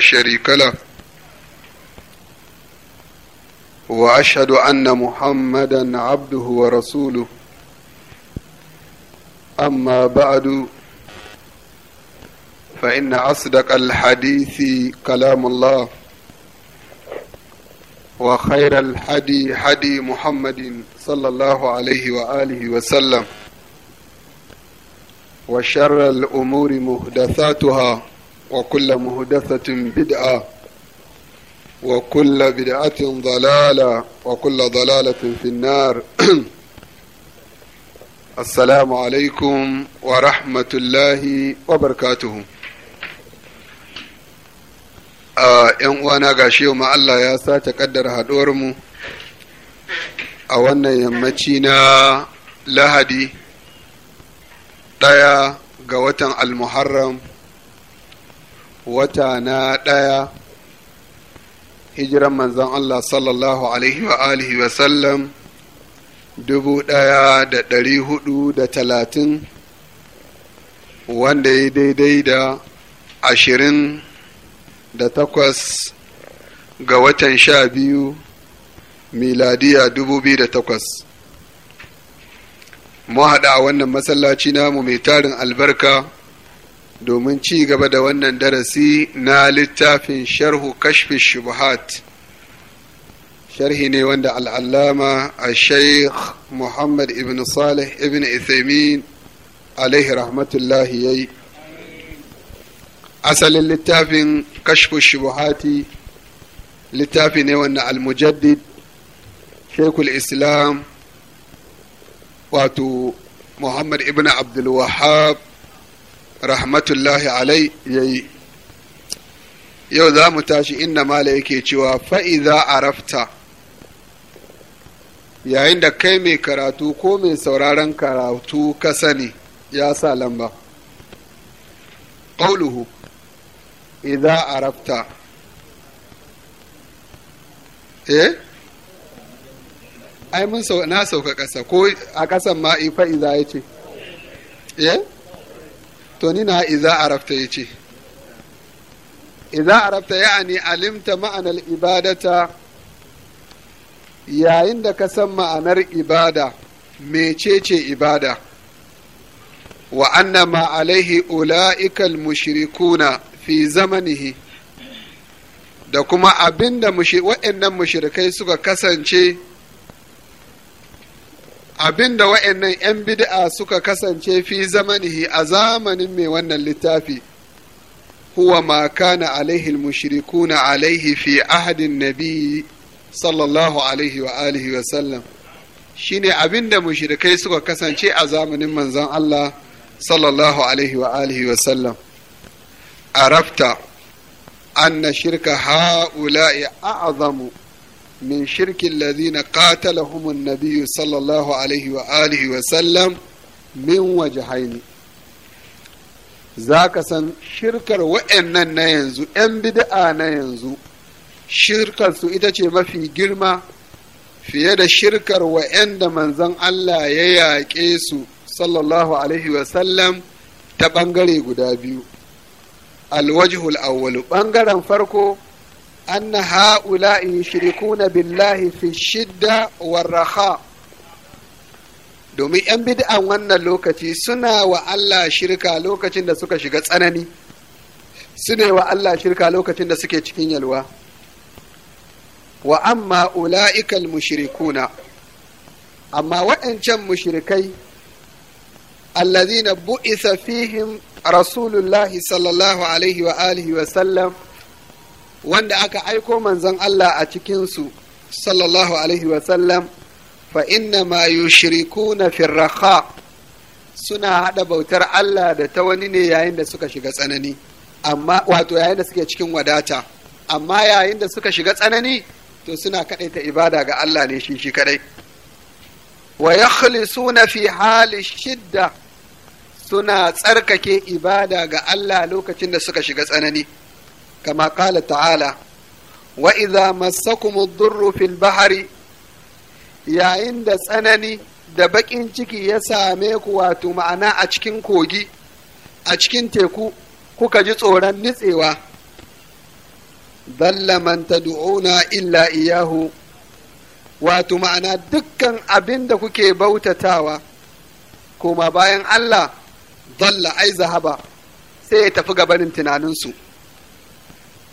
kashari wa ashadu anna muhammadan abduhu wa rasulu amma ba'adu. fa inna asdaq alhadithi kalamullah wa khair alhadi hadi muhammadin sallallahu alaihi wa alihi wa sallam wa sharar umuri muhdathatuha وكل مهدثة بدعة وكل بدعة ضلالة وكل ضلالة في النار السلام عليكم ورحمة الله وبركاته ‘yan uwana ga shi ma Allah ya sace kaddar mu a wannan yammaci na lahadi ɗaya ga watan al-muharram wata na ɗaya hijiran manzan Allah sallallahu alaihi wa alihi wa sallam dubu ɗaya da ɗari hudu da talatin wanda ya daidai da ashirin da takwas ga watan sha biyu miladiya dubu biyu da takwas mu haɗa a wannan masallaci namu mai tarin albarka domin ci gaba da wannan darasi na littafin sharhu kashfi shubuhat sharhi ne wanda al'allama a sheikh muhammad ibn salih ibn ithaimin alaihi rahmatullahi ya yi asalin littafin kashfi shubuhati littafi ne wanda al-mujaddid shekul islam wato muhammad ibn abdul wahab rahmatullahi alai ya yi. yau za mu tashi inda mala yake cewa fa'iza arafta yayin da kai mai karatu ko mai sauraron karatu ka sani ya sa lamba ƙauluhu a arafta eh ai mun na sauka ƙasa ko a ƙasan ma ifa iza ya ce eh to ni na iza arafta ya ce iza arafta ya'ani alimta ma'anar ibadata yayin da ka san ma'anar ibada mecece ibada wa annama alaihi ula'ikal mushrikuna fi zamanihi da kuma abinda waɗannan mushrikai suka kasance Abin abinda wa'annan 'yan bid'a suka kasance fi zamanihi a zamanin mai wannan littafi huwa ma kana alaihi mushrikuna alaihi fi ahadin nabi sallallahu alaihi wa alihi wa sallam shine da mushrikai suka kasance a zamanin manzon Allah sallallahu alaihi wa alihi wa sallam arafta anna shirka ha'ula'i a'zamu min shirkin lazina qatalahumun nabiyyu sallallahu alaihi wa alihi wa za ka san shirkar wa'annan na yanzu 'yan bida'a na yanzu shirkar ita ce mafi girma fiye da shirkar wa'anda manzon Allah ya yaƙe su sallallahu ta ɓangare guda biyu alwajhul awwalu ɓangaren farko أن هؤلاء يشركون بالله في الشدة والرخاء domin 'yan bida'an wannan lokaci suna wa shirka lokacin da suka shiga tsanani suna wa Allah shirka lokacin da suke cikin yalwa wa amma ula'ikal mushrikuna amma waɗancan mushrikai allazina bu'isa fihim rasulullahi sallallahu alaihi wa wa sallam wanda aka aiko manzon Allah a cikinsu sallallahu alaihi wasallam fa inna ma yushrikuna firraha suna haɗa bautar Allah da ta wani ne yayin da suka shiga tsanani amma wato yayin da suke cikin wadata amma yayin da suka shiga tsanani to suna kaɗaita ibada ga Allah ne shi shi kaɗai wa yakhlisuna fi hali shidda suna tsarkake ibada ga Allah lokacin da suka shiga tsanani كما قال تعالى وإذا مسكم الضر في البحر yayin da tsanani da baƙin ciki ya same ku wato ma'ana a cikin kogi a cikin teku kuka ji tsoron nitsewa man tad'una illa iyahu wato ma'ana dukkan abin da kuke bautatawa koma bayan Allah dalla ai zahaba sai ya tafi gabanin tunaninsu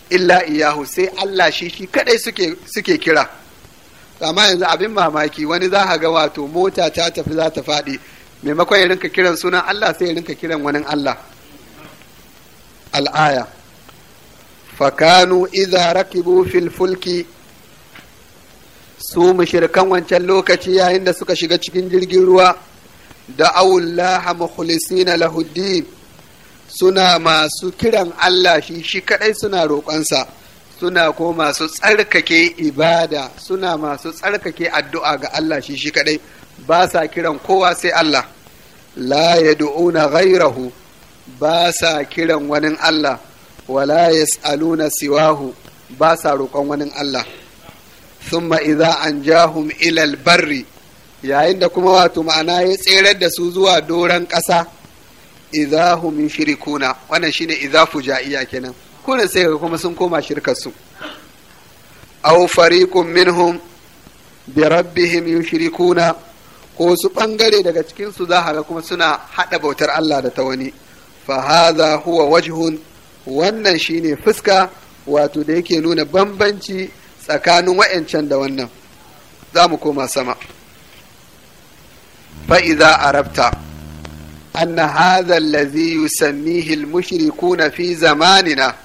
illa iyahu sai Allah shi shi kadai suke suke kira amma yanzu abin mamaki wani za ga wato mota ta tafi za ta faɗi maimakon ya rinka kiran sunan Allah sai ya rinka kiran wani Allah al'aya fakanu Iza rakibu fil fulki su mushrikan wancan lokaci yayin da suka shiga cikin jirgin ruwa da awullaha mukhlisina lahuddin suna masu kiran Allah shi shi kadai suna roƙonsa suna ko masu tsarkake ibada suna masu tsarkake addu'a ga Allah shi shi kadai ba sa kiran kowa sai Allah la du'una ghairahu ba sa kiran wani Allah wala yas'aluna siwahu ba sa roƙon wani Allah thumma idza ja hum ilal barri yayin da kuma wato ma'ana ya tserar da su zuwa doron ƙasa idza hum yushrikuna wannan shine idza fujaiya kenan kuna sai kuma sun koma shirkar su aw fariqun minhum bi rabbihim yushrikuna ko su bangare daga cikin su za ga kuma suna hada bautar Allah da ta wani fa hadha huwa wajhun wannan shine fuska wato da yake nuna bambanci tsakanin wa'ancan da wannan za mu koma sama fa'iza arabta أن هذا الذي يسميه المشركون في زماننا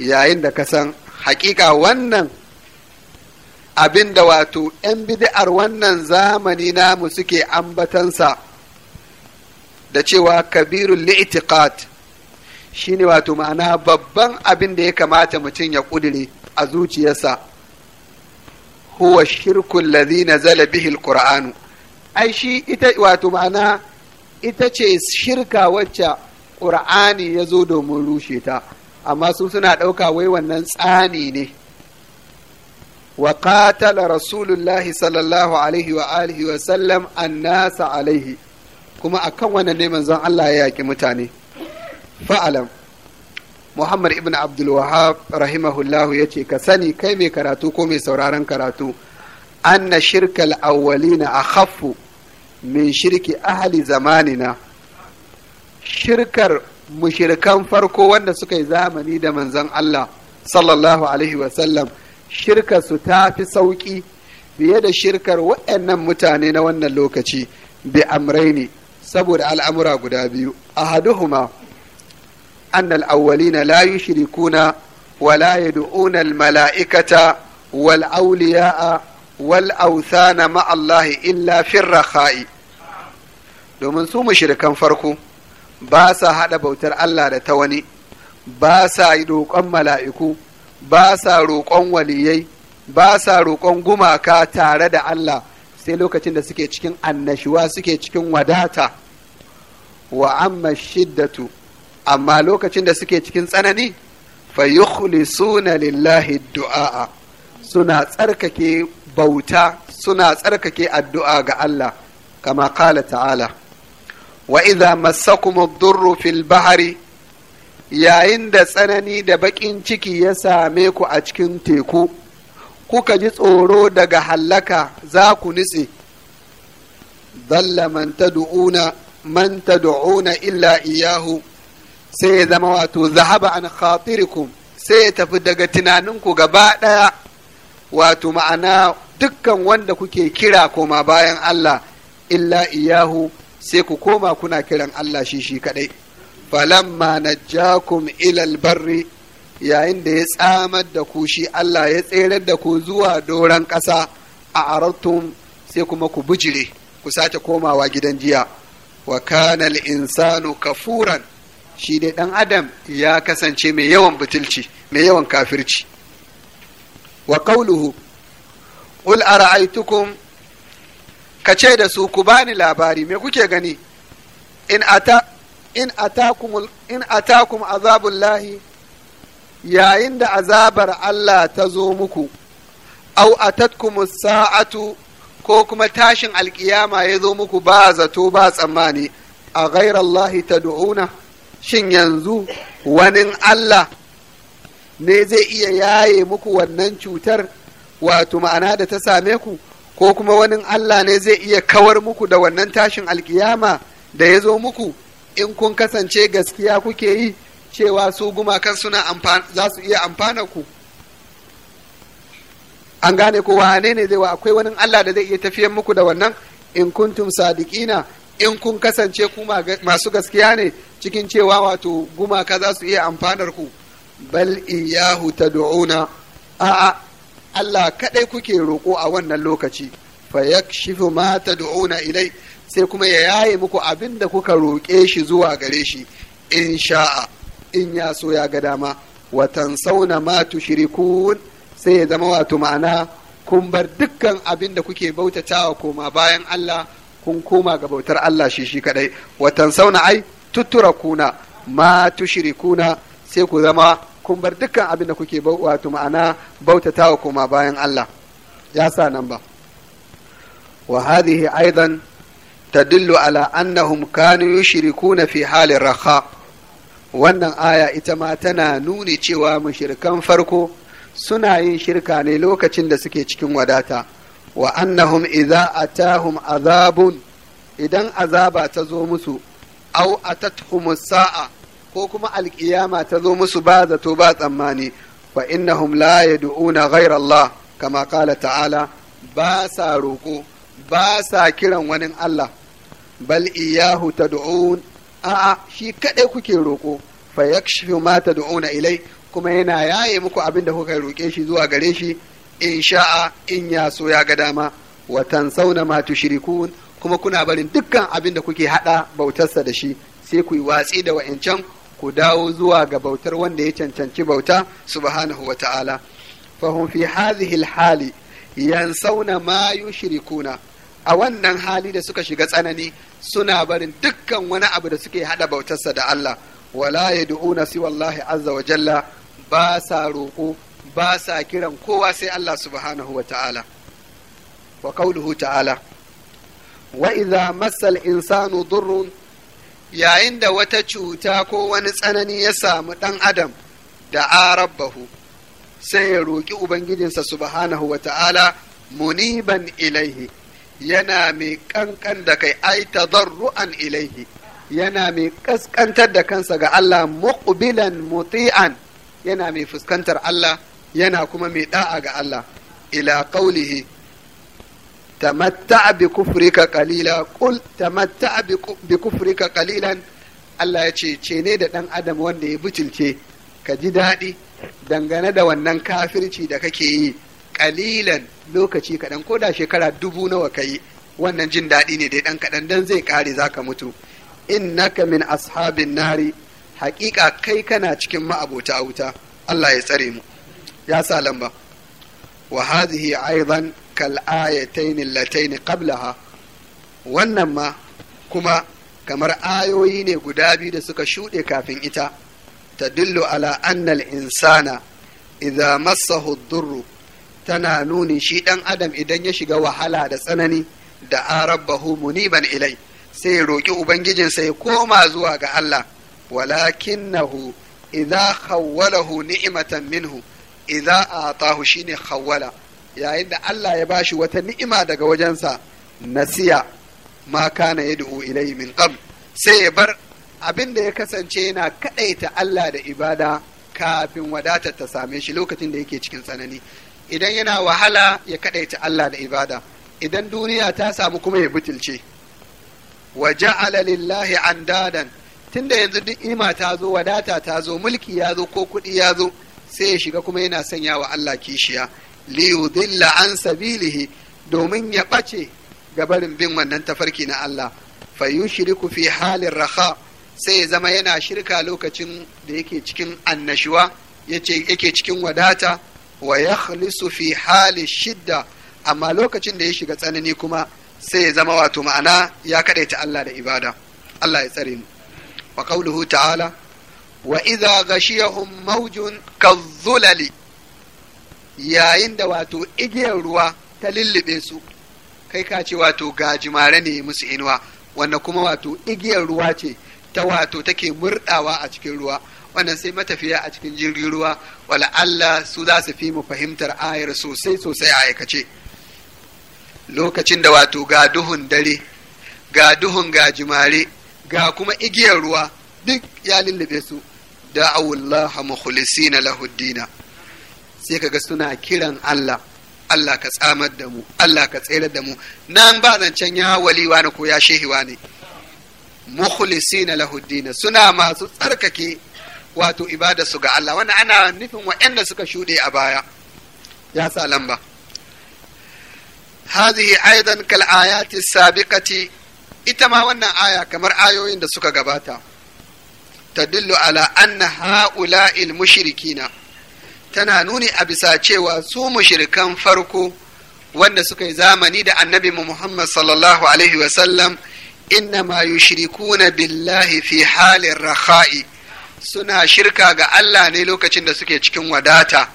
yayin da ka san hakika wannan Abinda da wato 'yan bid'ar wannan zamani namu suke ambatansa da cewa kabirun li'itiqat shine wato ma'ana babban abin da ya kamata mutum ya ƙudire a zuciyarsa huwa shirkun lazina zala bihil qur'anu ai shi ita wato ma'ana ita ce shirka wacce ƙur'ani ya zo domin rushe ta amma su suna ɗauka wai wannan tsani ne wa qatala rasulullahi sallallahu alaihi wa alihi wa sallam annasa alaihi kuma akan wannan ne manzon Allah ya yaki mutane fa'alam Muhammad ibn Abdul rahimahullahu rahimahullahu yace ka sani kai mai karatu ko mai sauraron karatu anna shirkal a khafu min shirki ahli zamanina shirkar mushirkan farko wanda suka yi zamani da manzon Allah sallallahu alaihi wasallam shirkar su ta fi sauƙi fiye da shirkar waɗannan mutane na wannan lokaci bi amraini saboda al'amura guda biyu ahaduhuma annal awwalina la yushrikuna wala yad'una al mala'ikata wal awliya'a wal authana ma Allah illa firrakha'i domin su mushrikan farko ba sa hada bautar Allah da ta wani ba sa roƙon mala'iku ba sa roƙon waliyai ba sa roƙon gumaka tare da Allah sai lokacin da suke cikin annashuwa suke cikin wadata wa amma shiddatu amma lokacin da suke cikin tsanani fa yukhlisuna lillahi du'a suna tsarkake bauta suna tsarkake addu'a ga Allah kama kala ta'ala wa iza massakum kuma durru fil Bahari? yayin da tsanani da baƙin ciki ya same ku a cikin teku kuka ji tsoro daga hallaka za ku nitse Zalla man du'una illa iyahu sai ya zama wato zahaba an khatirikum sai ya tafi daga tunaninku gaba ɗaya wato ma'ana dukkan wanda kuke kira koma bayan Allah illa iyahu sai ku koma kuna kiran Allah shi shi kadai falamma najjakum ilal barri yayin da ya tsamar da ku shi Allah ya tserar da ku zuwa doron ƙasa a arartum sai kuma ku bijire ku sace komawa gidan jiya wa kana insanu kafuran shi dai dan adam ya kasance mai yawan butulci mai yawan kafirci wa qawluhu qul ara'aytukum kace da su ku bani labari me kuke gani in ata in atakum yayin da azabar Allah ta zo muku au atatkum sa'atu ko kuma tashin alƙiyama ya zo muku ba zato ba tsammani a ta tad'una shin yanzu wani Allah ne zai iya yaye muku wannan cutar wato ma'ana da ta same ku ko kuma wani Allah ne zai iya kawar muku da wannan tashin alkiyama da ya zo muku in kun kasance gaskiya kuke yi cewa su gumakan suna za su iya amfana ku an gane ko wane ne zai wa akwai wani Allah da zai iya tafiyar muku da wannan in kuntum sadiqina in kun kasance ku masu gaskiya ne cikin cewa wato gumaka za su iya amfanar ku bal iyahu tad'una a'a Allah kadai kuke roko a wannan lokaci yakshifu ma tad'una ilai sai kuma ya yaye muku abin da kuka roke shi zuwa gare shi in sha'a in ya so ya ga dama wa tansawna ma tushrikun sai ya zama wato ma'ana kun bar dukkan abin da kuke bautatawa koma bayan Allah kun koma ga bautar Allah shi shi kadai wa tansawna ai tutturakuna ma tushrikuna sai ku zama kun bar dukkan abin da kuke wato ma'ana bautata wa koma bayan Allah ya sa nan ba wa hadhihi aidan tadullu ala annahum kanu yushrikuna fi halin raha wannan aya ita ma tana nuni cewa mushrikan farko suna yin shirka ne lokacin da suke cikin wadata wa annahum idza atahum azabun idan azaba ta zo musu aw atathumus sa'a ko kuma alƙiyama ta zo musu ba zato ba tsammani fa innahum la yad'una ghayra Allah kama qala ta'ala ba sa roƙo ba sa kiran wani Allah bal iyahu tad'un a'a shi kaɗai kuke roƙo fa yakshifu ma tad'una ilai kuma yana yaye muku abin da kuka roƙe shi zuwa gare shi in sha'a in ya so ya ga dama wa tansawna ma tushrikun kuma kuna barin dukkan abin da kuke haɗa bautarsa da shi sai ku yi watsi da wa'ancan ku dawo zuwa ga bautar wanda ya cancanci bauta subhanahu wa ta'ala fahum fi hadhihi alhali yansauna ma yushrikuna a wannan hali da suka shiga tsanani suna barin dukkan wani abu da suke hada bautarsa da Allah wala yad'una si wallahi azza wa jalla ba sa roƙo ba sa kiran kowa sai Allah subhanahu wa ta'ala wa qawluhu ta'ala wa idza massa al-insanu yayin da wata cuta ko wani tsanani ya samu ɗan adam da arabbahu sai ya roƙi ubangijinsa subhanahu wa ta'ala muniban ilaihi yana mai ƙanƙan da kai ai tadarru'an ilaihi yana mai ƙasƙantar da kansa ga Allah muƙubilan muti'an yana mai fuskantar Allah yana kuma mai ɗa'a ga Allah ila ƙaulihi tamatta bi kufrika Allah ya ce ce ne da ɗan adam wanda ya butulce ka ji daɗi dangane da wannan kafirci da kake yi ƙalilan lokaci kaɗan ko da shekara dubu nawa ka yi wannan jin daɗi ne dai ɗan kaɗan dan zai kare za ka mutu innaka min ashabin nari haƙiƙa kai kana cikin ma'abota wuta Allah ya tsare mu ya sa lamba wa hadhihi aidan kal ayatain latain qablaha wannan ma kuma kamar ayoyi ne guda biyu da suka shuɗe kafin ita tadillu ala annal insana idza massahu tana nuni shi ɗan adam idan ya shiga wahala da tsanani da arabbahu muniban ilai sai roƙi sai ya koma zuwa ga Allah nahu idza khawwalahu ni'matan minhu idza atahu shine khawwala yayin da Allah ya bashi wata ni'ima daga wajensa nasiya ma kana yad'u ilayhi min qabl sai ya bar abin da ya kasance yana kaɗaita Allah da ibada kafin wadata ta same shi lokacin da yake cikin tsanani idan yana wahala ya kaɗaita Allah da ibada idan duniya ta samu kuma ya butulce wa ja'ala lillahi andadan tunda yanzu duk ima ta zo wadata ta zo mulki ya zo ko kuɗi ya zo sai ya shiga kuma yana sanya wa Allah kishiya liyudilla an sabilihi domin ya ɓace gabarin bin wannan tafarki na Allah fayushriku fi halin raha sai ya zama yana shirka lokacin da yake cikin annashuwa yake cikin wadata wa yakhlisu fi hali shidda amma lokacin da ya shiga tsanani kuma sai ya zama wato ma'ana ya kadaita Allah da ibada Allah ya tsare mu wa ta'ala wa idza ghashiyahum mawjun kadh yayin da wato igiyar ruwa ta lullube su kai ka ce wato gajimare ne musu inuwa wanda kuma wato igiyar ruwa ce ta wato take murdawa a cikin ruwa wannan sai matafiya a cikin jirgin ruwa wala Allah su za su fi mu fahimtar ayar sosai sosai a aikace lokacin da wato ga duhun dare ga duhun gajimare ga kuma igiyar ruwa duk ya lullube su da awullaha mukhlisina lahuddina sai ka ga suna kiran Allah Allah ka tsamar da mu Allah ka tsere da mu nan ba can ya waliwa na ko ya shehiwa ne mukhlisina lahu suna masu tsarkake wato ibada su ga Allah wannan ana nufin waɗanda suka shuɗe a baya ya sa lamba hadhihi aidan kal ayati sabiqati ita ma wannan aya kamar ayoyin da suka gabata Ta tadullu ala anna ha'ula'il mushrikina tana nuni a bisa cewa su mushirikan farko wanda suka yi zamani da annabi Muhammad sallallahu alaihi wasallam shiriku yushrikuna billahi fi halin rakha'i suna shirka ga Allah ne lokacin da suke cikin wadata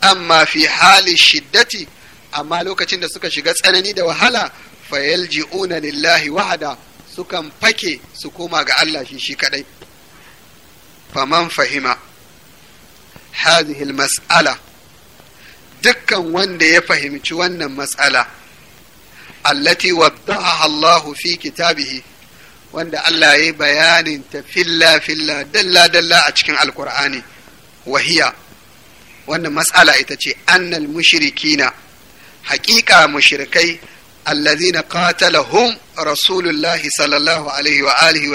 amma fi hali shiddati amma lokacin da suka shiga tsanani da wahala fayalji'una lillahi wahada sukan fake su koma ga Allah shi shi kadai faman fahima هذه المسألة dukkan wanda ya fahimci wannan mas'ala, allati waddaha Allah fi kitabihi wanda Allah ya bayanin ta filla filla dalla dalla a cikin alkur'ani wahiya wannan mas'ala ita ce annal mushrikina haƙiƙa mushrikai allazina qatalahum rasulullahi sallallahu alaihi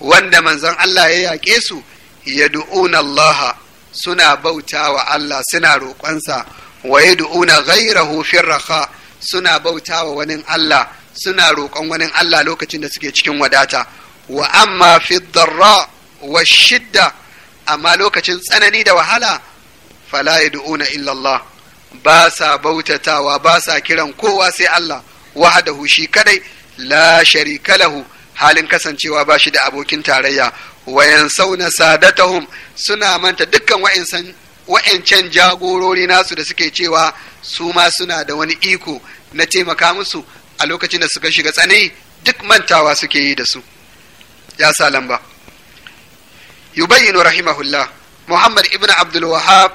wanda manzon Allah ya yaƙe su yad'una Allah suna bauta wa Allah suna roƙonsa wa yad'una ghayrahu fi suna bauta wa wani Allah suna roƙon wani Allah lokacin da suke cikin wadata wa amma fi darra wa shidda amma lokacin tsanani da wahala fala yad'una illa Allah ba sa bautatawa ba sa kiran kowa sai Allah wahdahu shi kadai la sharika lahu halin kasancewa ba shi da abokin tarayya wayan sauna sadatahum suna manta dukkan wa'insan wa'ancan jagorori nasu da suke cewa su ma suna da wani iko na taimaka musu a lokacin da suka shiga tsanani duk mantawa suke yi da su ya sa lamba yubayyinu rahimahullah muhammad ibn abdul wahab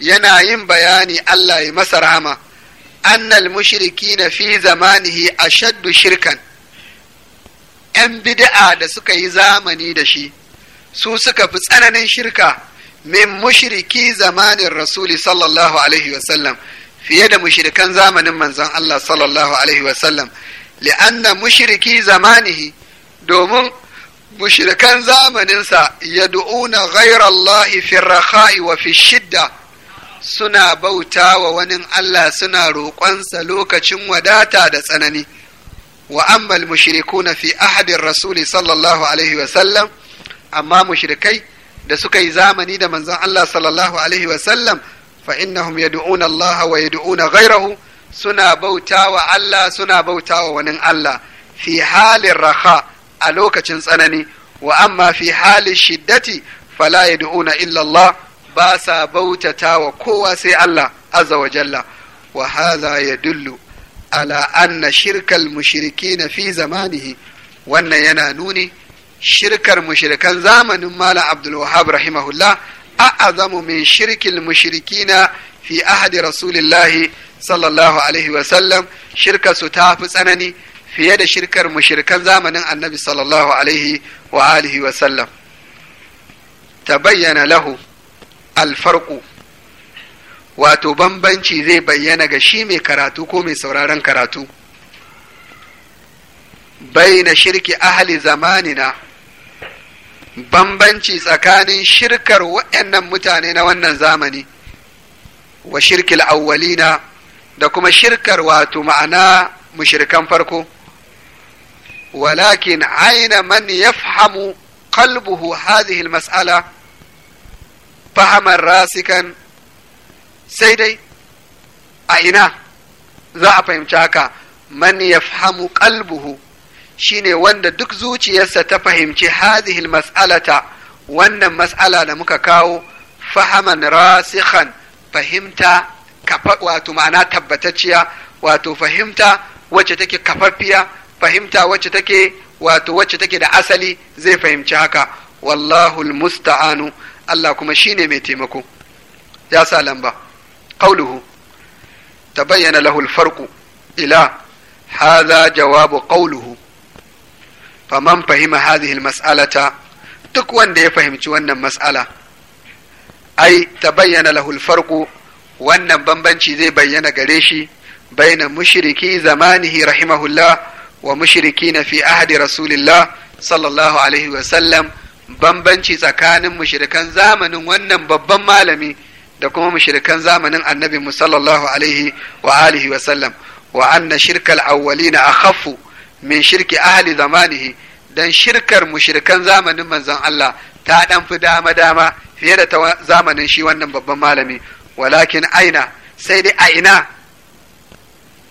yana yin bayani allah ya masa rahama annal mushrikina fi zamanihi ashaddu shirkan 'yan bid'a da suka yi zamani da shi su suka fi tsananin shirka min mushiriki zamanin rasuli sallallahu alaihi wasallam fiye da mushirikan zamanin manzon Allah sallallahu alaihi wasallam li'anna mushiriki zamanihi domin mushrikan zamaninsa ya ghayra Allah fi wa fi shidda suna bauta wa wani Allah suna roƙonsa lokacin wadata da tsanani wa ammal mushrikuna fi ahadin rasuli sallallahu alaihi wa sallam amma mushirikai da suka yi zamani da manzon Allah sallallahu alaihi wa sallam fa innahum yad'una Allah wa yad'una ghayrahu suna bautawa Allah suna bautawa wani Allah fi halin raha a lokacin tsanani wa amma fi halin shiddati fala yad'una illa Allah ba sa wa kowa sai Allah azza wa jalla wa hadha yadullu ala anna shirkal mushrikina fi zamanihi wannan yana nuni shirkar mushrikan zamanin malam abdul wahab rahimahullah a'azamu min shirkil mushrikina fi ahadi rasulillahi sallallahu alaihi sallam, shirkar su ta fi tsanani fiye da shirkar mushrikan zamanin annabi sallallahu alaihi wa alihi wasallam tabayyana lahu alfarƙu. wato bambanci zai bayyana ga shi mai karatu ko mai sauraron karatu baina shirki ahali zamanina bambanci tsakanin shirkar waɗannan mutane na wannan zamani wa shirkil awwalina da kuma shirkar wato ma'ana mushrikan farko walakin aina man yafhamu kalbuhu hadhihi mas'ala. fahaman rasikan sai dai a ina za a fahimci haka man yafhamu shi shine wanda duk zuciyarsa ta fahimci hadhihi mas'alata wannan mas'ala da muka kawo fahaman rasikhan fahimta kafa wato ma'ana tabbatacciya wato fahimta wacce take kafaffiya fahimta wacce take wato wacce take da asali zai fahimci haka wallahul musta'anu Allah kuma shine mai taimako ya sa lamba قوله تبين له الفرق إلى هذا جواب قوله فمن فهم هذه المسألة duk wanda ya fahimci wannan mas'ala ai ta bayyana lahul farko wannan bambanci zai bayyana gare shi baina mushriki zamanihi rahimahullah wa mushiriki na fi ahadi rasulillah sallallahu alaihi wasallam bambanci tsakanin mushirikan zamanin wannan babban malami da kuma mushrikan zamanin annabi mu alaihi wa alihi wa sallam wa anna shirkal awwalina akhaffu min shirki ahli zamanihi dan shirkar mushrikan zamanin manzon Allah ta dan fi dama dama fiye da ta zamanin shi wannan babban malami walakin aina sai dai a ina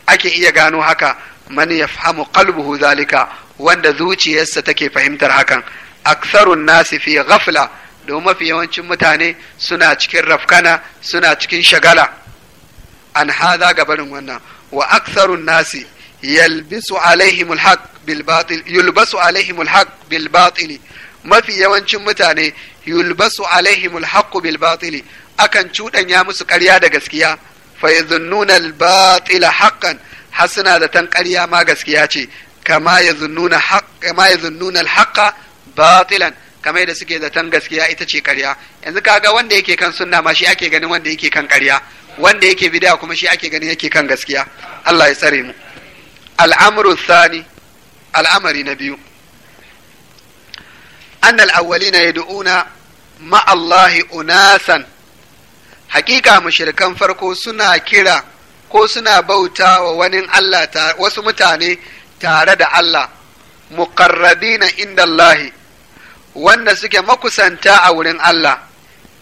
ake iya gano haka man yafhamu qalbuhu zalika wanda zuciyarsa take fahimtar hakan aktharun nasi fi ghafla domin mafi yawancin mutane suna cikin rafkana suna cikin shagala an haza ga wannan wa aksarun nasi yulbasu alaihim bil mafi yawancin mutane yulbasu alaihimul alhaq bil batil akan cudanya musu ƙarya da gaskiya fa yadhunnuna al batila haqqan hasuna da tan ƙarya ma gaskiya ce kama yadhunnuna haqq kama yadhunnuna al haqqa batilan kamar da suke zaton gaskiya ita ce karya. yanzu kaga wanda yake kan sunna ma shi ake ganin wanda yake kan ƙarya wanda yake bid'a kuma shi ake ganin yake kan gaskiya Allah ya tsare mu al'amru thani al'amari na biyu annal awwalina yad'una ma Allah unasan hakika mushrikan farko suna kira ko suna bauta wa wani Allah wasu mutane tare da Allah na, inda Allahi wanda suke makusanta a wurin Allah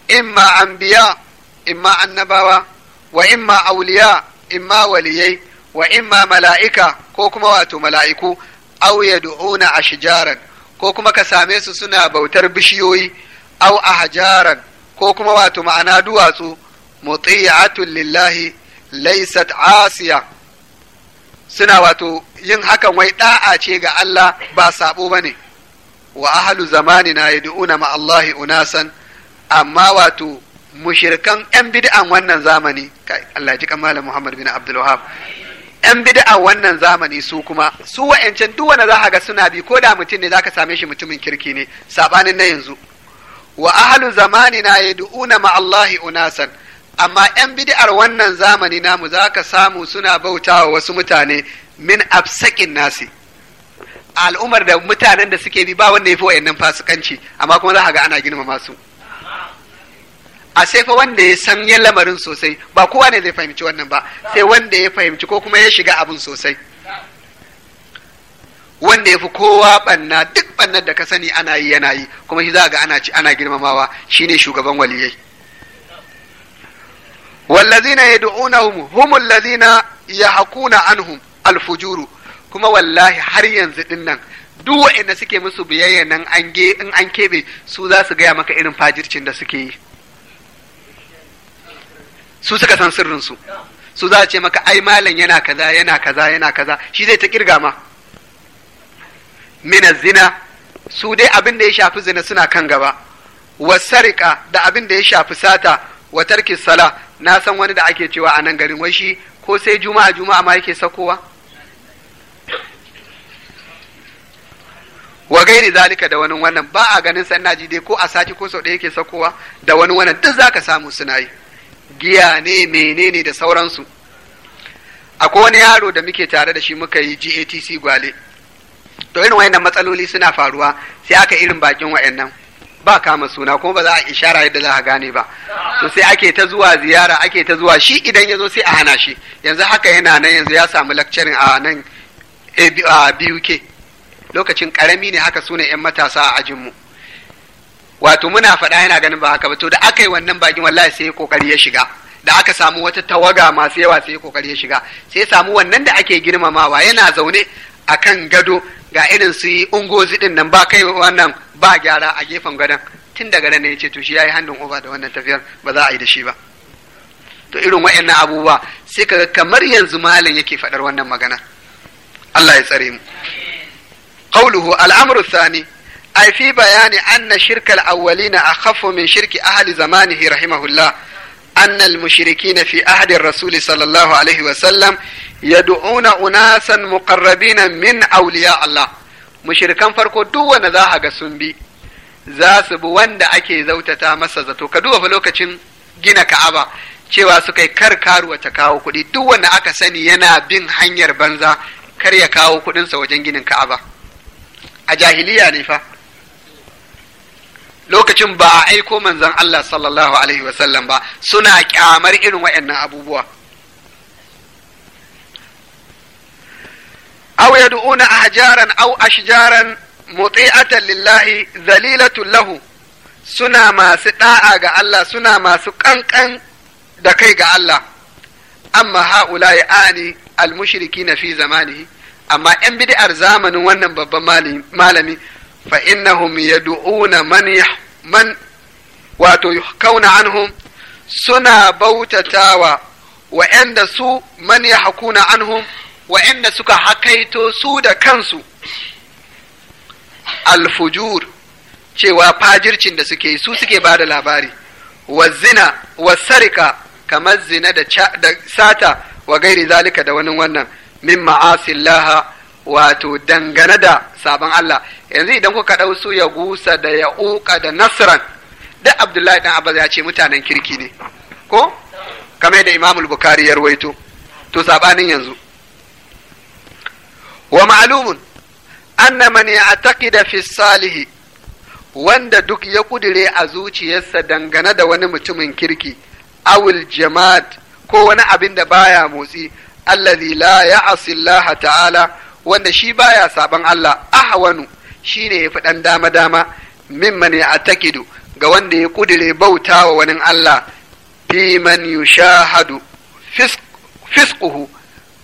imma anbiya imma annabawa wa imma auliya imma waliyai wa imma mala'ika ko kuma wato mala'iku au ya du'una a shijaran, ko kuma ka same su suna bautar bishiyoyi au a hajaran, ko kuma wato ma'ana duwatsu muti'atun lillahi laisat asiya suna wato yin hakan wai ɗa'a ce ga Allah ba saɓo ba ne. wa na yadu una ma Allahi unasan amma wato mushirkan yan bid'an wannan zamani kai Allah ji kan malam Muhammad bin Abdul Wahhab yan bid'an wannan zamani su kuma su wa'ancan duk wanda za ga suna bi ko da mutum ne zaka same shi mutumin kirki ne sabanin na yanzu wa na yadu una ma Allahi unasan amma yan bid'ar wannan zamani namu zaka samu suna bautawa wasu mutane min absakin nasi al'ummar da mutanen da suke bi ba wanda ya fi wa'annan fasikanci amma kuma za a ga ana girmama su a sai fa wanda ya san yin lamarin sosai ba kowa ne zai fahimci wannan ba sai wanda ya fahimci ko kuma ya shiga abin sosai wanda ya fi kowa banna duk bannar da ka sani ana yi yana yi kuma shi za ga ana ci ana girmamawa shine shugaban waliyai wallazina yad'unahum lazina ya yahquna anhum alfujuru kuma wallahi har yanzu din nan duk waɗanda suke musu biyayya nan an in an keɓe su za su gaya maka irin fajircin da suke yi su suka san sirrin su su za ce maka ai malam yana kaza yana kaza yana kaza shi zai ta kirga ma mina zina su dai abin da ya shafi zina suna kan gaba wasarika da abin da ya shafi sata wa tarki sala na san wani da ake cewa a nan garin wai shi ko sai juma'a juma'a ma yake sakowa wa gairi zalika da wani wannan ba a ganin san dai ko a sati ko sau ɗaya yake sakowa da wani wannan duk zaka samu suna yi giya ne menene da sauransu akwai wani yaro da muke tare da shi muka yi GATC gwale to irin wayannan matsaloli suna faruwa sai aka irin bakin wayannan ba kama suna kuma ba za a ishara yadda za a gane ba to sai ake ta zuwa ziyara ake ta zuwa shi idan ya zo sai a hana shi yanzu haka yana nan yanzu ya samu lecturing a nan a BUK lokacin karami ne haka sune yan matasa a ajinmu wato muna faɗa yana ganin ba haka ba to da aka yi wannan bakin wallahi sai kokari ya shiga da aka samu wata tawaga masu yawa sai kokari ya shiga sai samu wannan da ake girmamawa yana zaune a kan gado ga irin su ungozi din nan ba kai wannan ba gyara a gefen gadon tun daga nan ne ce to shi yayi handin uba da wannan tafiyar ba za a yi da shi ba to irin waɗannan abubuwa sai kaga kamar yanzu malam yake faɗar wannan magana Allah ya tsare mu qawluhu al Sani thani fi bayani anna shirka al-awwalina akhaffu min shirki ahli zamanihi rahimahullah أن المشركين na عهد الرسول صلى الله عليه وسلم يدعون أناسا مقربين من أولياء الله مشركان فرقوا دو نذاها قسم بي za su bi wanda ake zautata masa zato ka duba fa lokacin gina ka'aba cewa su kar karuwa ta kawo kuɗi duk wanda aka sani yana bin hanyar banza kar ya kawo kuɗinsa wajen ginin ka'aba a jahiliya ne fa lokacin ba a aiko manzon Allah sallallahu alaihi wasallam ba suna kyamar irin waɗannan abubuwa aw yad'una ahjaran aw ashjaran muti'atan lillahi dhalilatun lahu suna masu da'a ga Allah suna masu kankan da kai ga Allah amma ha'ula'i ani al-mushrikina fi zamanihi amma ‘yan bid'ar zamanin wannan babban malami fa innahum yad'una man man wato kauna anhum suna bautatawa wa'anda su man yahkuna anhum wa'anda suka hakaito su da kansu alfujur cewa fajircin da suke su suke ba da labari wa zina wa sarika kamar zina da sata wa gairi zalika da wani wannan min ma'asillaha wato dangane da sabon Allah yanzu idan kuka ɗau su ya gusa da ya uka da nasran Da Abdullahi dan Abbas ya ce mutanen kirki ne ko kame da Imam Bukhari ya rawaito to sabanin yanzu wa ma'lumun anna man ya'taqida fi salih wanda duk ya kudire a zuciyarsa dangane da wani mutumin kirki awul jama'at ko wani abin da baya motsi alladhi la ya'si Allah ta'ala wanda shi baya saban Allah ahwanu shine yafi dan dama dama mimman ya'takidu ga wanda ya kudire bautawa wani Allah fi man yushahadu fisquhu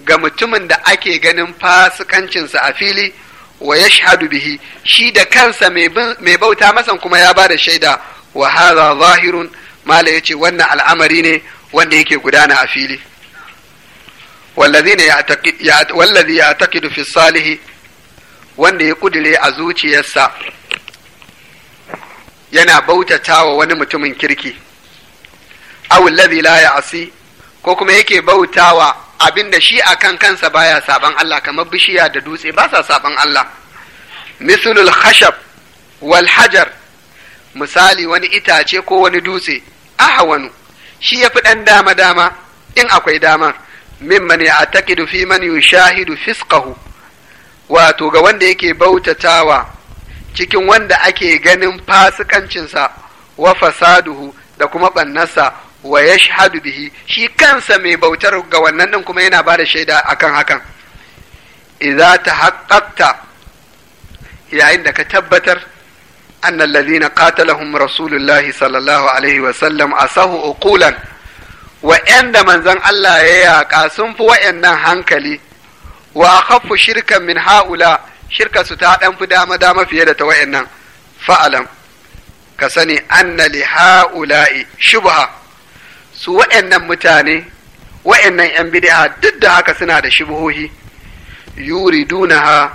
ga mutumin da ake ganin fasikancinsa a fili wa yashhadu bihi shi da kansa mai bauta masa kuma ya bada shaida wa hadha zahirun mala yace wannan al'amari ne wanda yake gudana a fili wallazi ya والذي يعتقد في wanda ya kudire a zuciyarsa yana bautatawa wani mutumin kirki aw alladhi la ya'si ko kuma yake bautawa abinda shi a kan kansa baya saban Allah kamar bishiya da dutse ba sa saban Allah mislul khashab wal hajar misali wani itace ko wani dutse ahawanu shi yafi ɗan dama dama in akwai damar mimman ya'taqidu fi man shahidu fisqahu wato ga wanda yake bautatawa cikin wanda ake ganin fasikancinsa wa fasaduhu da kuma ɓannarsa wa yashhadu bihi shi kansa mai bautar ga wannan din kuma yana bada shaida akan hakan idza tahaqqaqta yayin da ka tabbatar annal ladina qatalahum rasulullahi sallallahu alaihi wa sallam asahu uqulan wa'yanda manzan Allah ya yaƙa sun fi wa'yannan hankali wa khaffu shirkan min ha'ula shirka su ta ɗan fi dama dama fiye da ta wa'yannan fa'alam ka sani anna li ha'ula'i shubha su wa'yannan mutane wa'yannan ‘yan bid'a duk da haka suna da shubuhohi dunaha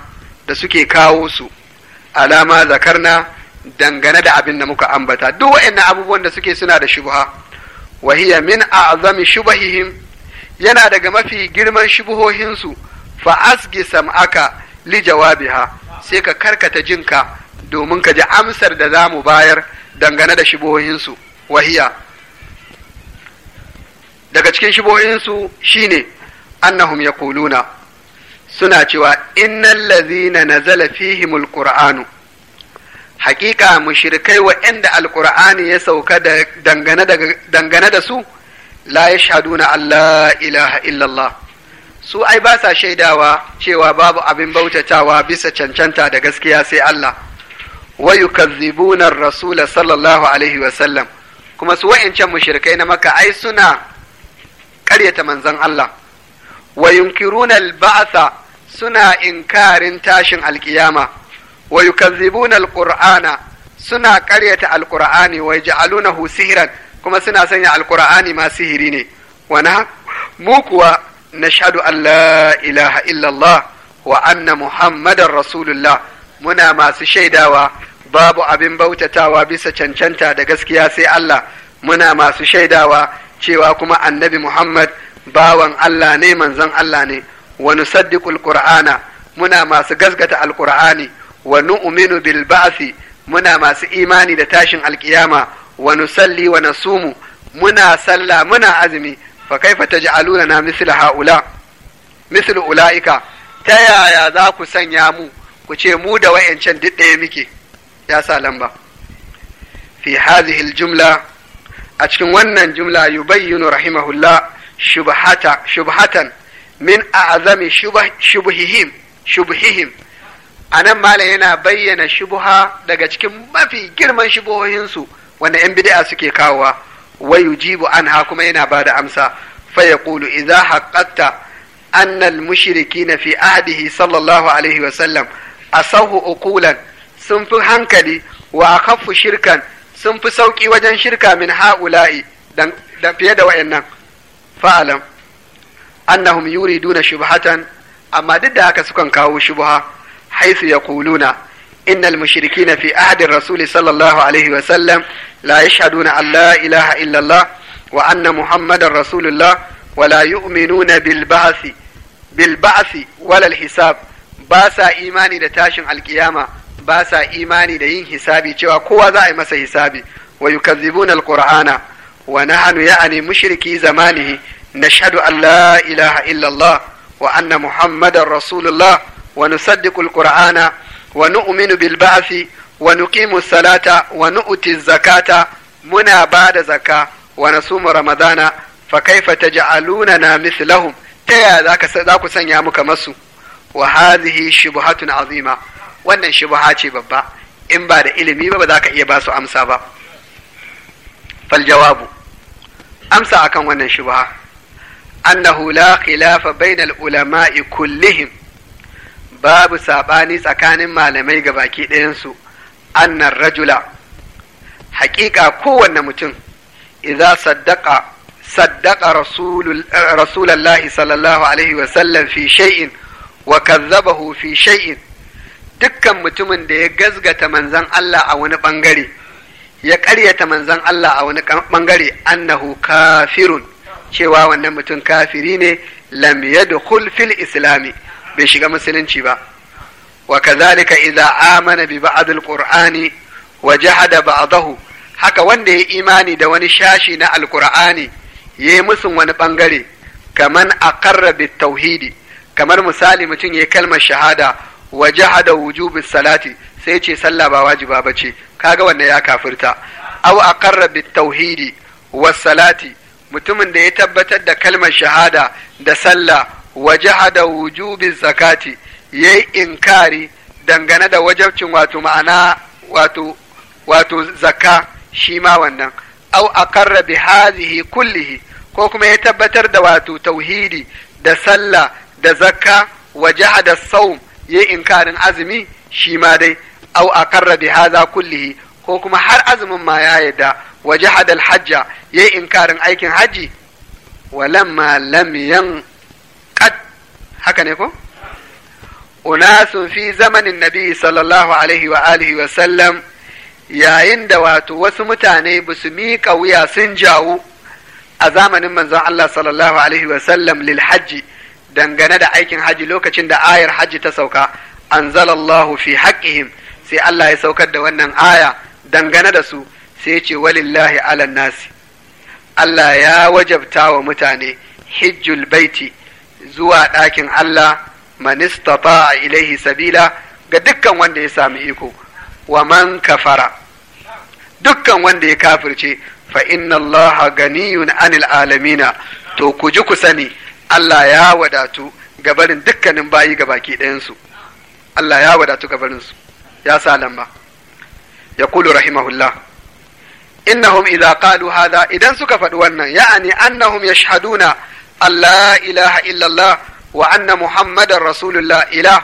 da suke kawo su alama zakarna dangane da abin da muka ambata duk wa'yannan abubuwan da suke suna da shubha wa hiya min a'zami shubahihim yana daga mafi girman shubuhohinsu fa asgi sam'aka li jawabiha sai ka karkata jinka domin ka ji amsar da za mu bayar dangane da shubuhohinsu wahiya daga cikin shubuhohinsu shine annahum yaquluna suna cewa innal ladhina nazala fihimul qur'anu hakika mushrikai waɗanda alqur'ani ya sauka da dangane da dangane da su la yashhaduna alla ilaha illallah su ai ba sa shaidawa cewa babu abin bautatawa bisa cancanta da gaskiya sai Allah wa yukazzibuna ar-rasul sallallahu alaihi wa sallam kuma su wa'ancan mushrikai na maka ai suna ƙaryata manzon Allah wa yunkiruna al-ba'tha suna inkarin tashin alkiyama wa yukazzibuna alqur'ana suna ƙaryata wai wa yaj'alunahu sihran kuma suna sanya alqur'ani ma sihiri ne wana mu kuwa nashhadu an la ilaha illallah wa anna muhammadar rasulullah muna masu shaidawa babu abin bautatawa bisa cancanta da gaskiya sai Allah muna masu shaidawa cewa kuma annabi Muhammad bawan Allah ne manzon Allah ne Wani nusaddiqul qur'ana muna masu gasgata alqur'ani Wani nu'minu bil ba'si muna masu imani da tashin alkiyama wa salli, wa sumu, muna sallah muna azumi fa kaifa taj'aluna na misla haula misl ulaika ta yaya za ku sanya mu ku ce mu da wayancan duk ɗaya muke ya sa lamba fi hadhihi jumla a cikin wannan jumla yubayyinu rahimahullah shubhata shubhatan min a'zami shubhihim shubhihim a nan malam yana bayyana shubuha daga cikin mafi girman shubuhohinsu wanda 'yan bid'a suke kawowa wa yujibu anha kuma yana ba da amsa fa yaqulu idza haqqatta anna al-mushrikina fi ahdihi sallallahu alaihi wa sallam asahu uqulan sun fi hankali wa akhaffu shirkan sun fi sauki wajen shirka min ha'ula'i dan fiye da wayannan fa'alam annahum yuriduna shubhatan amma duk da haka sukan kawo shubha haisu yaquluna innal mushrikina fi ahdi rasuli sallallahu alaihi wa sallam la yashhaduna an la ilaha illallah wa anna muhammadar rasulullah wa la yu'minuna bil ba'thi bil ba'thi wala hisab basa sa imani da tashin alkiyama basa sa imani da yin hisabi cewa kowa za a yi masa hisabi wa yukazzibuna alqur'ana wa nahnu ya'ni mushriki zamanihi nashhadu an la ilaha illallah wa anna muhammadar rasulullah ونصدق القرآن ونؤمن بالبعث ونقيم الصلاة ونؤتي الزكاة منا بعد زكاة ونصوم رمضان فكيف تجعلوننا مثلهم تيا ذاك ذاك سنيا مكمسو وهذه شبهة عظيمة wannan shubha ce babba in ba da ilimi ba ba za ka iya ba su amsa ba fal jawabu amsa akan wannan shubha annahu la khilafa bainal ulama'i kullihim babu saɓani tsakanin malamai ga baki ɗayansu annan rajula haƙiƙa kowanne mutum idza saddaka saddaka eh, rasulallahi sallallahu alaihi wasallam fi shay'in wa kazzabahu fi shay'in dukkan mutumin da ya gazgata manzan Allah a wani ɓangare ya ƙaryata manzan Allah a wani ɓangare annahu kafirun cewa wannan mutum kafiri ne lam yadkhul fil islami bai shiga musulunci ba wa kazalika idza amana bi ba'd alqur'ani wa jahada ba'dahu haka wanda ya imani da wani shashi na alqur'ani yayi musun wani bangare kaman aqarra bit tauhidi kamar misali mutum yayi kalmar shahada wa jahada wujubis salati sai ce sallah ba wajiba bace kaga wannan ya kafirta aw aqarra bit tauhidi was salati mutumin da ya tabbatar da kalmar shahada da sallah Wajaha da wujubin zakati yayi inkari dangane da wajabcin wato ma'ana wato zaka shi ma wannan au aqarra bi hadhihi kullihi ko kuma ya tabbatar da wato tauhidi da sallah da zakka wa jahada saum yayi inkarin azumi shi ma dai au aqarra bi haza kullihi ko kuma har azumin ma ya yadda wa jahada al hajja yayi inkarin aikin haji ولما لم ين haka ne ko unasun fi zamanin nabi sallallahu alaihi wa alihi wa yayin da wato wasu mutane ba su miƙa wuya sun jawo a zamanin manzon Allah sallallahu alaihi wa lil hajji dangane da aikin hajji lokacin da ayar hajji ta sauka anzalallahu fi haqqihim sai Allah ya saukar da wannan aya dangane da su sai ce walillahi ala nasi Allah ya wajabta wa mutane hijjul baiti zuwa ɗakin Allah man a ilaihi sabila ga dukkan wanda ya sami iko wa man kafara dukkan wanda ya kafirce fa inna Allah ganiyun anil alamina to ku ji ku sani Allah ya wadatu gabarin dukkanin bayi ga baki ɗayansu Allah ya wadatu gabarinsu ya sa lamba ya kulu rahimahullah innahum idza qalu hadha idan suka faɗi wannan ya'ani annahum yashhaduna الله إله إلا الله وأن محمد رسول الله إله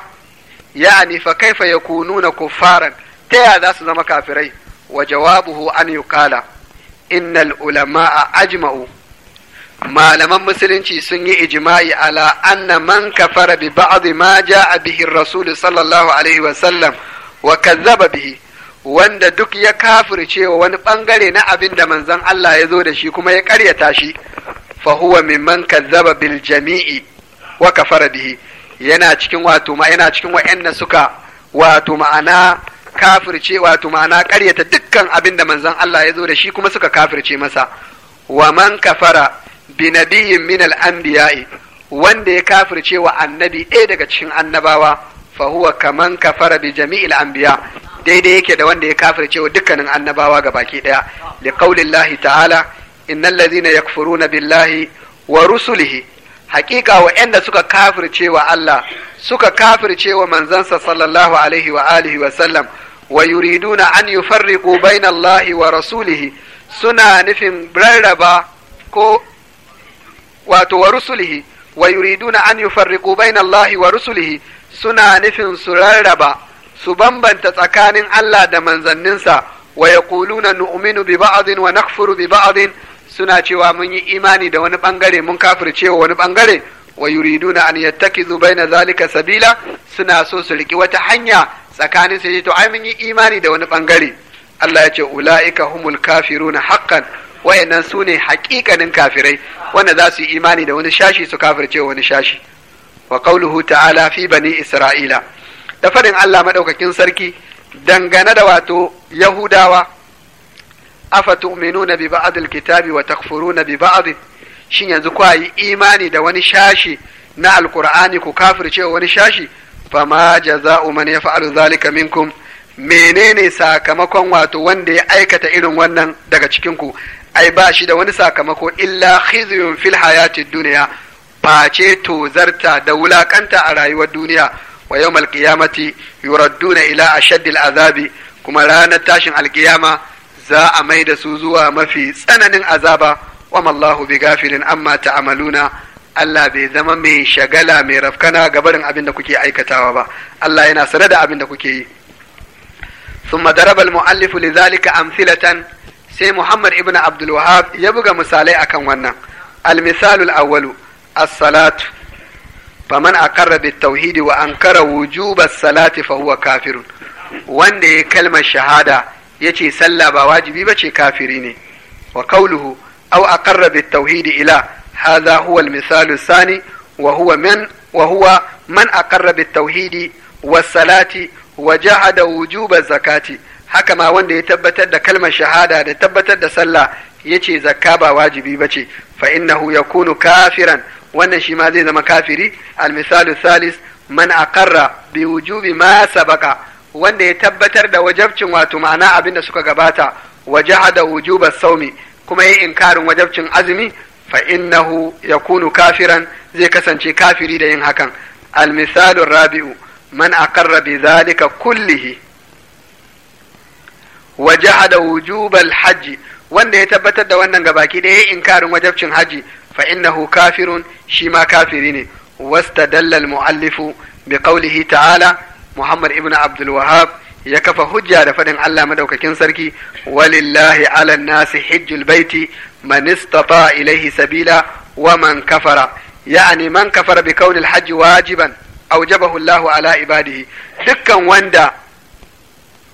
يعني فكيف يكونون كفارا تيا ذاس زما كافري وجوابه أن يقال إن العلماء أجمعوا malaman musulunci sun yi ijma'i ala anna man kafara bi ba'd ma ja'a bihi rasul sallallahu alaihi wa sallam wa kazzaba bihi wanda duk ya kafirce wa wani bangare na abin da manzon Allah ya zo da shi kuma ya karyata shi فهو من من كذب بالجميع وكفر به ينا yana cikin wato ma yana cikin suka wato ma'ana kafirce wato ma'ana ƙaryata dukkan abinda da manzon Allah ya zo da shi kuma suka kafirce masa wa man kafara bi nabiyyin min al wanda ya kafirce wa annabi ɗaya daga cikin annabawa fa huwa kaman kafara bi jami'il anbiya daidai yake da wanda ya kafirce wa dukkanin annabawa ga baki ɗaya li qaulillahi ta'ala innal ladhina yakfuruna billahi wa rusulihi haƙiƙa waɗanda suka kafirce wa Allah suka kafirce wa manzansa sallallahu alaihi wa alihi wa sallam wa yuriduna an yufarriqu baina Allahi wa rasulihi suna nufin rarraba ko wato wa rusulihi wa yuriduna an yufarriqu baina Allahi wa rusulihi suna nufin su rarraba su bambanta tsakanin Allah da manzanninsa wa yaquluna nu'minu bi ba'din wa nakfuru bi ba'din suna cewa mun yi imani da wani bangare mun kafirce wani bangare wa yuriduna an zubai na zalika sabila suna so su riki wata hanya tsakanin sai to ai mun yi imani da wani bangare Allah ya ce ulaika humul kafiru na haqqan wayannan su ne haƙiƙanin kafirai wanda za su yi imani da wani shashi su kafirce wani shashi wa qauluhu ta'ala fi bani isra'ila da farin Allah madaukakin sarki dangane da wato yahudawa afatu'minuna bi ba'd alkitabi wa takfuruna bi ba'd shin yanzu ku yi imani da wani shashi na alqur'ani ku kafirce wani shashi fama jaza'u man menene sakamakon wato wanda ya aikata irin wannan daga cikin ku ai ba shi da wani sakamako illa khizyun fil hayati duniya. face tozarta da wulakanta a rayuwar duniya wa yawmal qiyamati yuradduna ila ashaddil azabi kuma ranar tashin alkiyama za a mai da su zuwa mafi tsananin azaba wa biga bi gafirin amma ta'amaluna Allah bai zama mai shagala mai rafkana gabarin abin da kuke aikatawa ba Allah yana sare da abin da kuke yi thumma daraba al muallif li zalika amsilatan sai muhammad ibn abdul ya buga misalai akan wannan al misal al awwal as salat faman akan bit tauhidi wa ankara wujub as fa huwa kafirun wanda ya kalmar shahada yace sallah ba wajibi bace kafiri ne wa qawluhu aw aqarra bit ila haza huwa al sani wa huwa man wa huwa man wajaha da wujubar was salati wa jahada wujuba zakati haka ma wanda ya tabbatar da kalmar shahada da tabbatar da sallah yace zakka ba wajibi bace fa innahu kunu kafiran wannan shi ma zai zama kafiri al misalu salis man aqarra bi wujubi ma sabaqa wanda ya tabbatar da wajabcin wato ma'ana abin da suka gabata da wujubar saumi kuma yayi inkarin wajabcin azumi fa innahu kunu kafiran zai kasance kafiri da yin hakan al rabi'u man aqarra bi zalika kullihi Wajaha da wujubal hajji wanda ya tabbatar da wannan gabaki da yi inkarin wajabcin haji fa innahu kafirun shi ma kafiri ne wastadalla dallal muallifu bi qawlihi ta'ala Muhammad ibn Abdulwahab ya kafa hujja da faɗin Allah madaukakin sarki walillahi ala nasi hijjul baiti man istata ilaihi sabila wa man kafara ya'ani man kafara bi kaunil hajji wajiban aujabahu Allah ala ibadihi dukkan wanda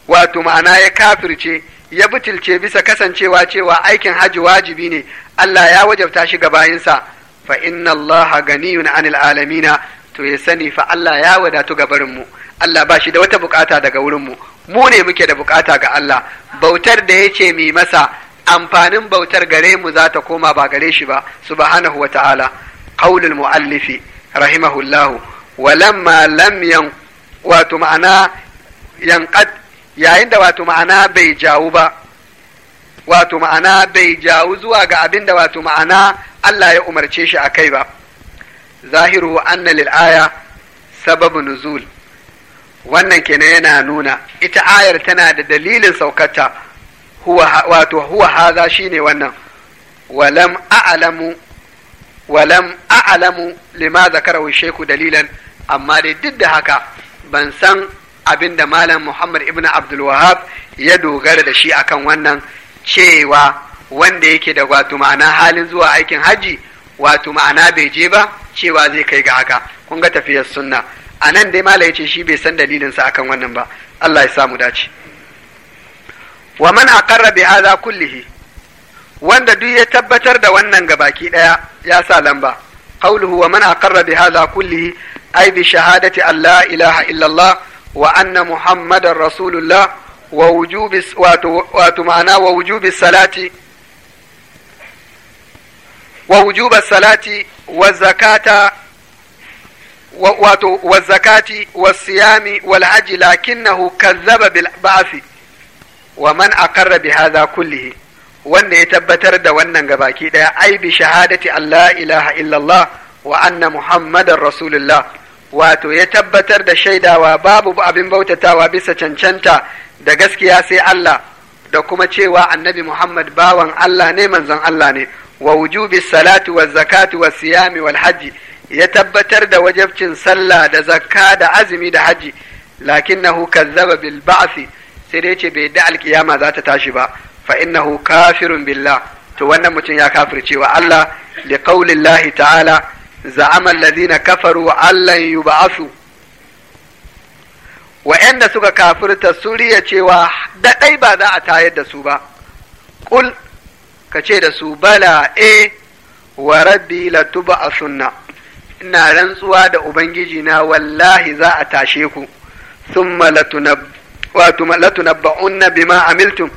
wato ma'ana ya kafirce ya butulce bisa kasancewa cewa aikin hajji wajibi ne Allah ya wajabta shi ga bayinsa fa inna Allah ganiyun anil alamina to ya sani fa Allah ya wadatu ga barinmu mu Allah ba shi da wata bukata daga wurinmu mu ne muke da bukata ga Allah bautar da ya ce mi masa amfanin bautar gare mu za ta koma ba gare shi ba subhanahu wa ta'ala qaulul muallifi rahimahullahu walamma lam yan wato ma'ana yanqad yayin da wato ma'ana bai jawu ba wato ma'ana bai jawu zuwa ga abin da wato ma'ana Allah ya umarce shi a kai ba zahiru anna lil aya sababu nuzul wannan kenan yana nuna ita ayar tana da dalilin saukata wato huwa haza shine wannan walam a'lamu walam a'lamu lima zakarahu sheku dalilan amma dai duk da haka ban san abinda malam Muhammad ibnu Abdul Wahab ya dogara da shi akan wannan cewa wanda yake da wato ma'ana halin zuwa aikin hajji wato ma'ana bai je ba cewa zai kai ga haka kun ga tafiyar sunna a nan dai mala ya ce shi bai san dalilinsa akan wannan ba Allah ya samu dace wa man aqarra bi hadha kullihi wanda duk ya tabbatar da wannan gabaki daya ya sa lamba qawluhu wa man aqarra bi hadha kullihi ay bi shahadati an la ilaha illa Allah wa anna muhammadar rasulullah wa wujubi wato ma'ana wa wujubi salati wa wujuba salati wa zakata wato wazzakati wasiyami walhaji lakinnahu kazzaba bil ba'si wa man aqarra bi hadha kullihi wanda ya tabbatar da wannan gabaki daya ai bi shahadati Allah ilaha illallah wa anna muhammadar rasulullah wato ya tabbatar da shaidawa babu abin bautatawa bisa cancanta da gaskiya sai Allah da kuma cewa annabi Muhammad bawan Allah ne manzon Allah ne wa wujubi salatu wa zakati wa siyami wal ya tabbatar da wajabcin sallah da zakka da azumi da haji lakinnahu kazzaba bil ba'thi sai dai ce bai da alkiyama za ta tashi ba fa innahu kafirun billah to wannan mutum ya kafirce wa Allah li qaulillahi ta'ala za'ama alladhina kafaru allan Wa wa'anda suka kafirta suriya cewa daɗai ba za a tayar da su ba ƙul ka ce da su bala e wa rabbi la tuba ina rantsuwa da ubangiji na wallahi za a tashe ku summa latunabba'unna bima amiltum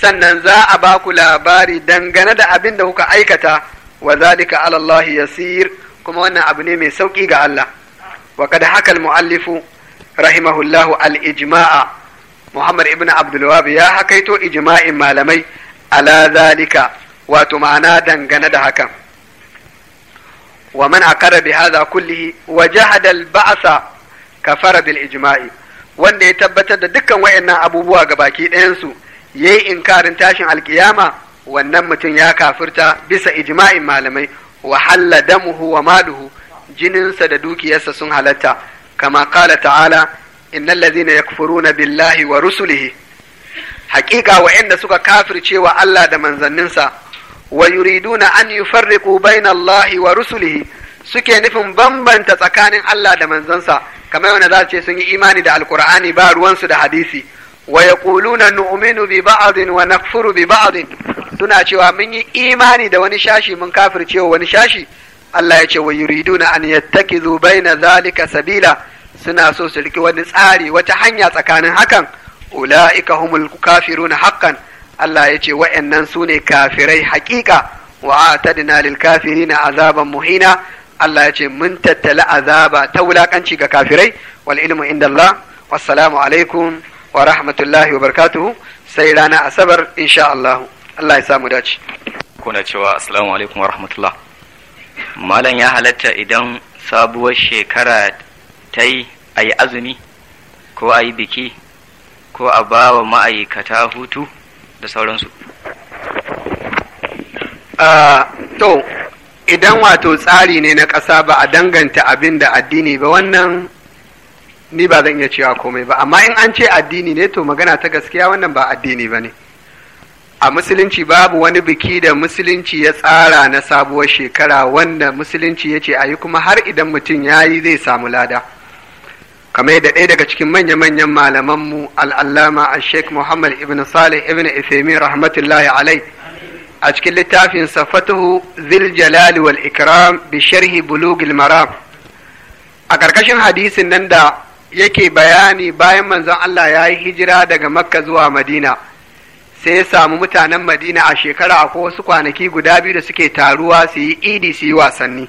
sannan za a ba ku labari dangane da abin da kuka aikata wa zalika ala yasir kuma wannan abu ne mai sauki ga Allah wa kada haka muallifu rahimahullahu al-ijma'a Muhammad ibn abdulwahab ya hakaito ijima'in malamai ala zalika wato ma'ana dangane da hakan wa man akara bi hadha kullihi wa jahada al kafara bil ijma'i wanda ya tabbatar da dukkan wayannan abubuwa ga baki ɗayansu ya yayi inkarin tashin alkiyama wannan mutum ya kafirta bisa ijma'in malamai wa halla damuhu wa maluhu jininsa da dukiyarsa sun halatta kama kala ta'ala innal ladhina yakfuruna billahi wa rusulihi haƙiƙa wa'anda suka kafirce Allah da manzanninsa wa yuriduna an yufarriqu bayna Allahi wa rusulihi suke nufin bambanta tsakanin Allah da manzansa kamar wanda za ce sun yi imani da alkur'ani ba ruwansu da hadisi wa yaquluna nu'minu bi ba'din wa nakfuru bi ba'din suna cewa mun yi imani da wani shashi mun kafircewa wani shashi Allah ya ce wa yuriduna an yattakizu baina zalika sabila suna so su riki wani tsari wata hanya tsakanin hakan ula'ika humul kafiruna haqqan Allah ya ce wa'yannan su ne kafirai haƙiƙa wa atadna kafiri na azaban muhina Allah ya ce mun tattala azaba ta wulakanci ga kafirai wal ilmu inda Allah wassalamu alaikum wa rahmatullahi wa barakatuhu sai rana asabar insha Allah Allah ya samu dace kuna cewa assalamu alaikum wa rahmatullah malam ya halatta idan sabuwar shekara ta yi a yi azumi ko a yi biki ko a ba wa ma'aikata hutu da sauransu ah, to idan wato tsari ne na ƙasa ba a danganta abin da addini ba wannan ni ba zan iya cewa komai ba amma in an ce addini ne to magana ta gaskiya wannan ba addini ba ne a musulunci babu wani biki da musulunci ya tsara na sabuwar shekara wanda musulunci ya ce a yi kuma har idan mutum ya yi zai samu lada. kamar yadda ɗaya daga cikin manya-manyan malamanmu al'allama a sheikh muhammad ibn salih ibn ifemi rahmatullahi alai a cikin littafin safatuhu zil jalali wal ikram bi sharhi bulugil maram a ƙarƙashin hadisin nan da yake bayani bayan manzon Allah ya yi hijira daga makka zuwa madina sai ya samu mutanen madina a shekara ko wasu kwanaki guda biyu da suke taruwa su yi idi su yi wasanni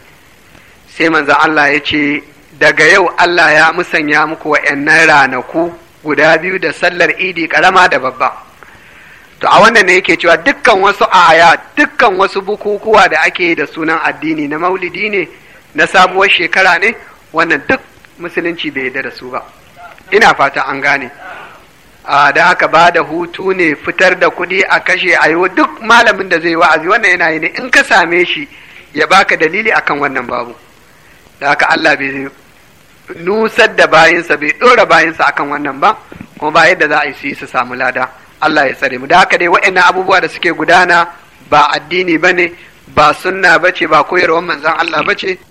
sai manzon Allah ya ce daga yau Allah ya musanya muku na ranaku guda biyu da sallar idi karama da babba to a wannan ne yake cewa dukkan wasu aya dukkan wasu bukukuwa da ake da sunan addini na maulidi ne na sabuwar shekara ne wannan duk musulunci bai yarda da su ba ina fata an gane a da haka ba da hutu ne fitar da kuɗi a kashe a duk malamin da zai wa'azi wannan yana yi ne in ka same shi ya baka dalili akan wannan babu da haka Allah bai nusar da bayansa bai ɗora bayansa akan wannan ba kuma ba yadda za a yi su yi su samu lada Allah ya tsare mu da haka dai waɗannan abubuwa da suke gudana ba addini bane ba sunna bace ba koyarwar manzon Allah bace